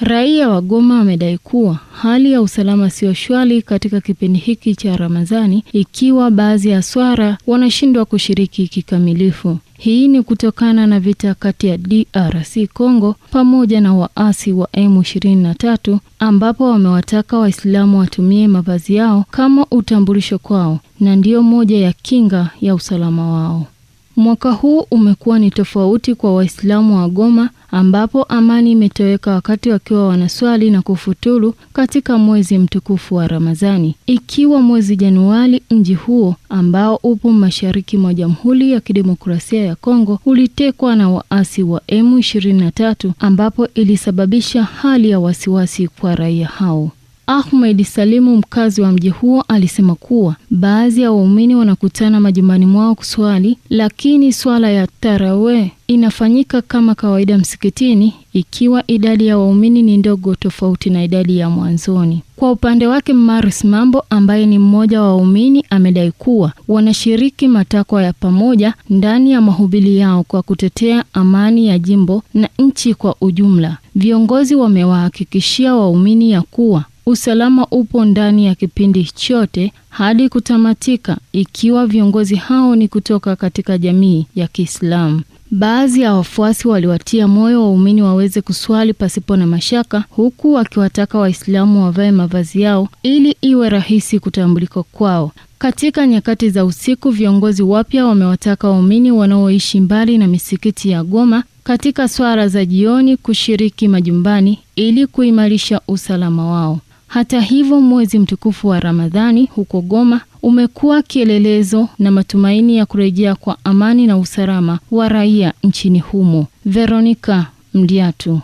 Raia wa Goma wamedai kuwa hali ya usalama sio shwari katika kipindi hiki cha Ramadhani, ikiwa baadhi ya swara wanashindwa kushiriki kikamilifu. Hii ni kutokana na vita kati ya DRC Congo pamoja na waasi wa M23 ambapo wamewataka Waislamu watumie mavazi yao kama utambulisho kwao na ndiyo moja ya kinga ya usalama wao. Mwaka huu umekuwa ni tofauti kwa Waislamu wa Goma ambapo amani imetoweka wakati wakiwa wanaswali na kufuturu katika mwezi mtukufu wa Ramadhani, ikiwa mwezi Januari mji huo ambao upo mashariki mwa Jamhuri ya Kidemokrasia ya Kongo ulitekwa na waasi wa M23 ambapo ilisababisha hali ya wasiwasi kwa raia hao. Ahmed Salimu, mkazi wa mji huo, alisema kuwa baadhi ya waumini wanakutana majumbani mwao kuswali, lakini swala ya tarawe inafanyika kama kawaida msikitini ikiwa idadi ya waumini ni ndogo tofauti na idadi ya mwanzoni. Kwa upande wake, Maris Mambo ambaye ni mmoja wa waumini amedai kuwa wanashiriki matakwa ya pamoja ndani ya mahubiri yao kwa kutetea amani ya jimbo na nchi kwa ujumla. Viongozi wamewahakikishia waumini ya kuwa Usalama upo ndani ya kipindi chote hadi kutamatika, ikiwa viongozi hao ni kutoka katika jamii ya Kiislamu. Baadhi ya wafuasi waliwatia moyo waumini waweze kuswali pasipo na mashaka, huku wakiwataka Waislamu wavae mavazi yao ili iwe rahisi kutambulika kwao. Katika nyakati za usiku, viongozi wapya wamewataka waumini wanaoishi mbali na misikiti ya Goma katika swala za jioni kushiriki majumbani ili kuimarisha usalama wao. Hata hivyo, mwezi mtukufu wa Ramadhani huko Goma umekuwa kielelezo na matumaini ya kurejea kwa amani na usalama wa raia nchini humo. Veronica Mdiatu